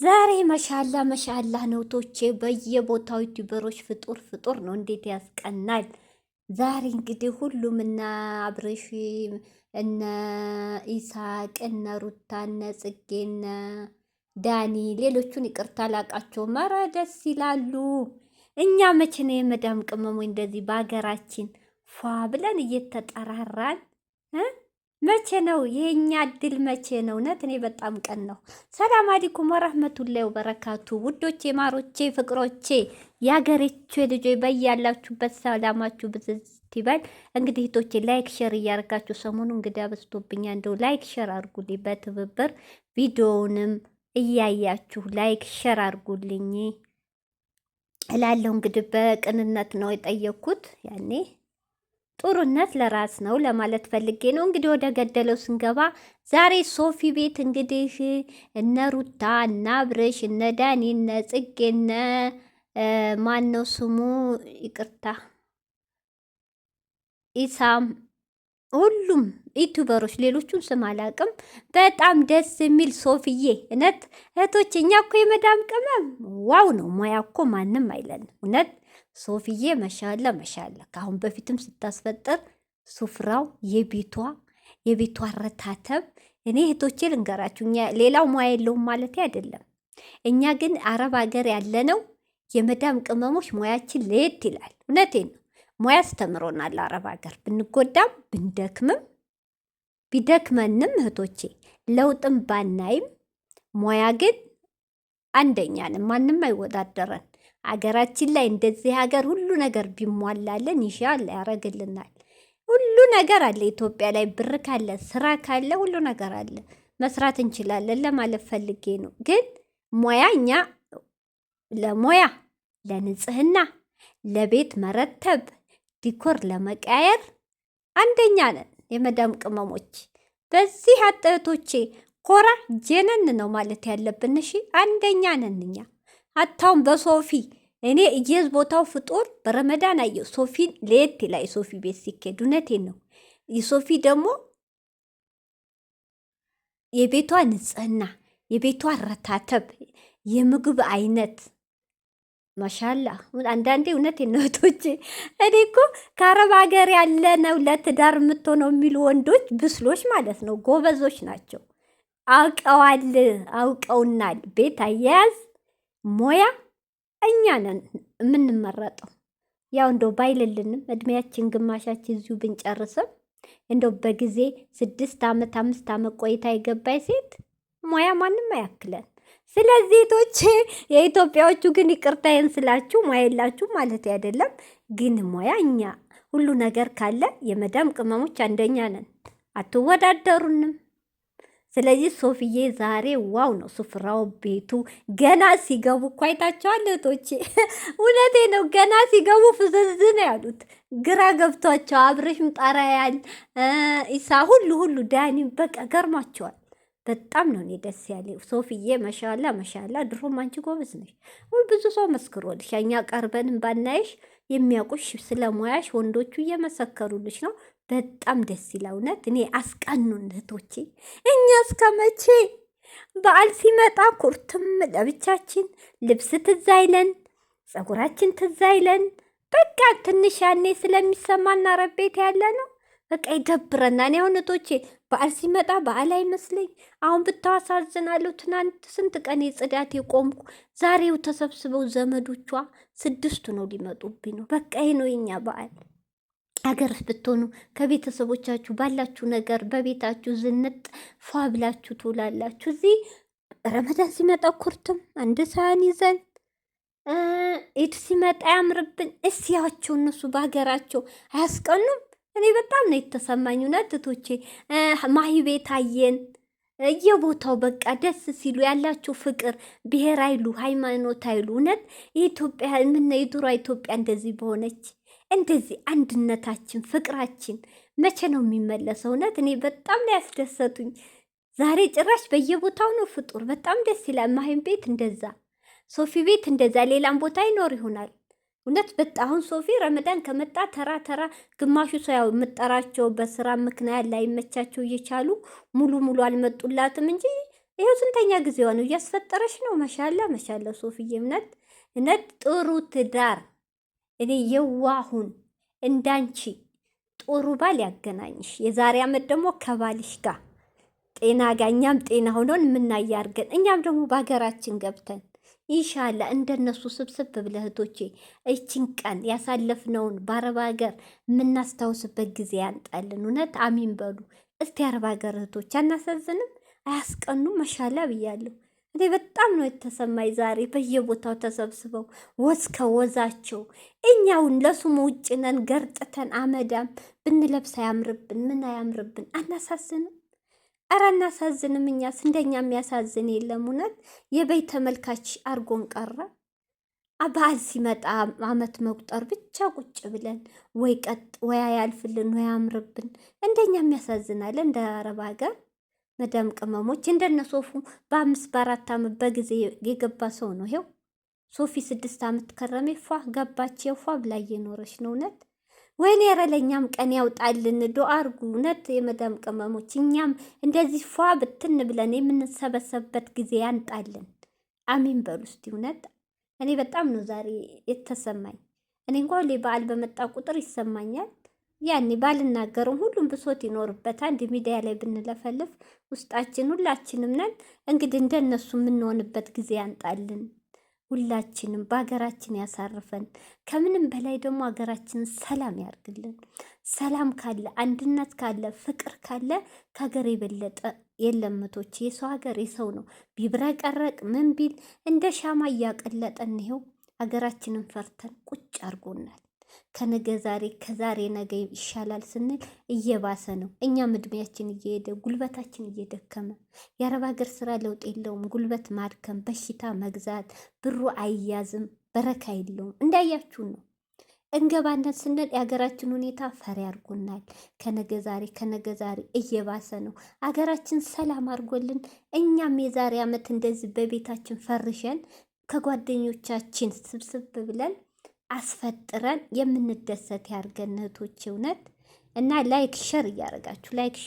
ዛሬ መሻላ መሻላ ነው ቶቼ በየቦታው ዩቲዩበሮች ፍጡር ፍጡር ነው። እንዴት ያስቀናል! ዛሬ እንግዲህ ሁሉም እነ አብረሺ እነ ኢሳቅ እነ ሩታ እነ ጽጌ እነ ዳኒ ሌሎቹን ይቅርታ ላቃቸው መራ ደስ ይላሉ። እኛ መቼ ነው የመዳም ቅመሞ እንደዚህ በሀገራችን ፏ ብለን እየተጠራራን መቼ ነው የእኛ እድል? መቼ ነው እውነት? እኔ በጣም ቀን ነው። ሰላም አለይኩም ወራህመቱላሂ ወበረካቱ። ውዶቼ፣ ማሮቼ፣ ፍቅሮቼ የአገሬቼ ልጆች በያላችሁበት ሰላማችሁ ብዝት ይበል። እንግዲህ እህቶቼ ላይክ ሸር እያደረጋችሁ ሰሞኑ እንግዲህ በዝቶብኛ እንደው ላይክ ሸር አድርጉልኝ በትብብር ቪዲዮውንም እያያችሁ ላይክ ሸር አድርጉልኝ እላለሁ። እንግዲህ በቅንነት ነው የጠየኩት ያኔ ጥሩነት ለራስ ነው ለማለት ፈልጌ ነው። እንግዲህ ወደ ገደለው ስንገባ ዛሬ ሶፊ ቤት እንግዲህ እነ ሩታ እነ አብርሽ እነ ዳኒ እነ ጽጌ እነ ማን ነው ስሙ ይቅርታ ኢሳም ሁሉም ዩቱበሮች ሌሎቹን ስም አላቅም። በጣም ደስ የሚል ሶፍዬ እነት እህቶች፣ እኛ እኮ የመዳም ቅመም ዋው ነው ሙያ እኮ ማንም አይለን። እውነት ሶፊዬ መሻለ መሻለ ከአሁን በፊትም ስታስፈጥር ሱፍራው የቤቷ የቤቷ ረታተብ እኔ እህቶቼ ልንገራችሁ፣ እኛ ሌላው ሙያ የለውም ማለት አይደለም። እኛ ግን አረብ ሀገር ያለነው የመዳም ቅመሞች ሙያችን ለየት ይላል። እውነቴ ነው። ሙያ አስተምሮናል አረብ ሀገር ብንጎዳም ብንደክምም ቢደክመንም እህቶቼ ለውጥም ባናይም ሙያ ግን አንደኛ ማንም አይወዳደረን። አገራችን ላይ እንደዚህ ሀገር ሁሉ ነገር ቢሟላለን ይሻል ያረግልናል። ሁሉ ነገር አለ ኢትዮጵያ ላይ ብር ካለ ስራ ካለ ሁሉ ነገር አለ፣ መስራት እንችላለን ለማለት ፈልጌ ነው። ግን ሙያ እኛ ለሙያ ለንጽህና፣ ለቤት መረተብ፣ ዲኮር ለመቃየር አንደኛ ነን የመዳም ቅመሞች። በዚህ አጠቶቼ ኮራ ጀነን ነው ማለት ያለብን። እሺ አንደኛ ነን እኛ። አታውም በሶፊ እኔ እየዝ ቦታው ፍጡር በረመዳን አየው ሶፊ ለየት ላይ ሶፊ ቤት ሲኬድ እውነቴን ነው። የሶፊ ደግሞ የቤቷ ንጽህና፣ የቤቷ አረታተብ፣ የምግብ አይነት ማሻላ አንዳንዴ እውነት ነቶች እኔ እኮ ከአረብ ሀገር ያለ ነው ለትዳር የምትሆነው የሚሉ ወንዶች ብስሎች ማለት ነው፣ ጎበዞች ናቸው። አውቀዋል፣ አውቀውናል ቤት አያያዝ ሞያ እኛ ነን የምንመረጠው። ያው እንደው ባይልልንም እድሜያችን ግማሻችን እዚሁ ብንጨርስም እንደው በጊዜ ስድስት ዓመት አምስት ዓመት ቆይታ የገባይ ሴት ሞያ ማንም አያክለን። ስለዚህ ቶች የኢትዮጵያዎቹ ግን ይቅርታ ስላችሁ ሙያ የላችሁ ማለት አይደለም፣ ግን ሞያ እኛ ሁሉ ነገር ካለ የመዳም ቅመሞች አንደኛ ነን፣ አትወዳደሩንም። ስለዚህ ሶፍዬ ዛሬ ዋው ነው ስፍራው፣ ቤቱ ገና ሲገቡ እኮ አይታቸዋል። እህቶቼ እውነቴ ነው፣ ገና ሲገቡ ፍዝዝ ነው ያሉት፣ ግራ ገብቷቸው አብረሽም ጠራያል ኢሳ ሁሉ ሁሉ ዳኒም በቃ ገርሟቸዋል። በጣም ነው እኔ ደስ ያለ ሶፍዬ፣ መሻላ መሻላ። ድሮም አንቺ ጎበዝ ነሽ፣ ብዙ ሰው መስክሮልሽ። እኛ ቀርበንም ባናይሽ የሚያውቁሽ ስለሙያሽ ወንዶቹ እየመሰከሩልሽ ነው። በጣም ደስ ይላል። እውነት እኔ አስቀኑ እህቶቼ። እኛ እስከ መቼ በዓል ሲመጣ ኩርትም ለብቻችን፣ ልብስ ትዝ አይለን፣ ፀጉራችን ትዝ አይለን። በቃ ትንሽ ያኔ ስለሚሰማና ረቤት ያለ ነው በቃ ይደብረና። እኔ አሁን እህቶቼ በዓል ሲመጣ በዓል አይመስለኝ። አሁን ብታሳዝናለሁ። ትናንት ስንት ቀን የጽዳት የቆምኩ ዛሬው ተሰብስበው ዘመዶቿ ስድስቱ ነው ሊመጡብኝ ነው። በቃ ይህ ነው የኛ በዓል። አገር ብትሆኑ ከቤተሰቦቻችሁ ባላችሁ ነገር በቤታችሁ ዝንጥ ፏ ብላችሁ ትውላላችሁ። እዚህ ረመዳን ሲመጣ ኩርትም አንድ ሳህን ይዘን ኢድ ሲመጣ ያምርብን። እስያቸው እነሱ በሀገራቸው አያስቀኑም። እኔ በጣም ነው የተሰማኝ ነትቶቼ ቤት አየን እየቦታው በቃ ደስ ሲሉ ያላቸው ፍቅር ብሔር አይሉ ሃይማኖት አይሉ እውነት የኢትዮጵያ የምና የድሮ ኢትዮጵያ እንደዚህ በሆነች እንደዚህ አንድነታችን ፍቅራችን መቼ ነው የሚመለሰው? እውነት እኔ በጣም ነው ያስደሰቱኝ። ዛሬ ጭራሽ በየቦታው ነው ፍጡር። በጣም ደስ ይላል። ማሄን ቤት እንደዛ፣ ሶፊ ቤት እንደዛ፣ ሌላም ቦታ ይኖር ይሆናል። እውነት በጣም አሁን ሶፊ ረመዳን ከመጣ ተራ ተራ ግማሹ ሰው ያው የምጠራቸው በስራ ምክንያት ላይመቻቸው እየቻሉ ሙሉ ሙሉ አልመጡላትም እንጂ ይኸው ስንተኛ ጊዜዋ ነው እያስፈጠረች ነው። መሻላ መሻለ ሶፊዬ እምነት እነት ጥሩ ትዳር እኔ የዋሁን እንዳንቺ ጥሩ ባል ያገናኝሽ። የዛሬ ዓመት ደግሞ ከባልሽ ጋር ጤና ጋር እኛም ጤና ሆኖን የምናያርገን እኛም ደግሞ በሀገራችን ገብተን ኢንሻላ እንደነሱ ስብስብ ብለህቶቼ እችን ቀን ያሳለፍነውን በአረብ ሀገር የምናስታውስበት ጊዜ ያንጣልን። እውነት አሚን በሉ እስቲ አረብ ሀገር እህቶች አናሳዝንም? አያስቀኑም? መሻላ ብያለሁ። እኔ በጣም ነው የተሰማኝ ዛሬ በየቦታው ተሰብስበው ወዝ ከወዛቸው እኛውን ለሱም ውጭ ነን ገርጥተን አመዳም ብንለብስ አያምርብን ምን አያምርብን አናሳዝንም ኧረ አናሳዝንም እኛስ እንደኛ የሚያሳዝን የለም እውነት የበይ ተመልካች አርጎን ቀረ በዓል ሲመጣ አመት መቁጠር ብቻ ቁጭ ብለን ወይ ቀጥ ወይ አያልፍልን ወይ አያምርብን እንደኛ የሚያሳዝናለን እንደ አረብ ሀገር መዳም ቅመሞች እንደነ ሶፉ በአምስት በአራት ዓመት በጊዜ የገባ ሰው ነው። ይሄው ሶፊ ስድስት ዓመት ከረሜ ፏ ገባች። የፏ ብላ እየኖረች ነው። እውነት ወይኔ ኧረ ለእኛም ቀን ያውጣልን። ዱአ አርጉ። እውነት የመዳም ቅመሞች እኛም እንደዚህ ፏ ብትን ብለን የምንሰበሰብበት ጊዜ ያንጣልን። አሚን በሉ እስቲ። እውነት እኔ በጣም ነው ዛሬ የተሰማኝ። እኔ እንኳ በዓል በመጣ ቁጥር ይሰማኛል። ያኔ ባልናገርም ሁሉም ብሶት ይኖርበት። አንድ ሚዲያ ላይ ብንለፈልፍ ውስጣችን ሁላችንም ነን። እንግዲህ እንደነሱ የምንሆንበት ጊዜ ያንጣልን። ሁላችንም በሀገራችን ያሳርፈን። ከምንም በላይ ደግሞ ሀገራችንን ሰላም ያርግልን። ሰላም ካለ፣ አንድነት ካለ፣ ፍቅር ካለ ከሀገር የበለጠ የለምቶች የሰው ሀገር የሰው ነው። ቢብረቀረቅ ምን ቢል እንደ ሻማ እያቀለጠን ይኸው ሀገራችንን ፈርተን ቁጭ አርጎናል። ከነገ ዛሬ ከዛሬ ነገ ይሻላል ስንል እየባሰ ነው። እኛም እድሜያችን እየሄደ ጉልበታችን እየደከመ የአረብ ሀገር ስራ ለውጥ የለውም። ጉልበት ማድከም፣ በሽታ መግዛት፣ ብሩ አይያዝም፣ በረካ የለውም። እንዳያችሁ ነው እንገባነት ስንል የሀገራችን ሁኔታ ፈሪ አድርጎናል። ከነገ ዛሬ ከነገ ዛሬ እየባሰ ነው። አገራችን ሰላም አድርጎልን እኛም የዛሬ ዓመት እንደዚህ በቤታችን ፈርሸን ከጓደኞቻችን ስብስብ ብለን አስፈጥረን የምንደሰት ያርገነቶች እውነት እና ላይክ ሸር እያደረጋችሁ ላይክ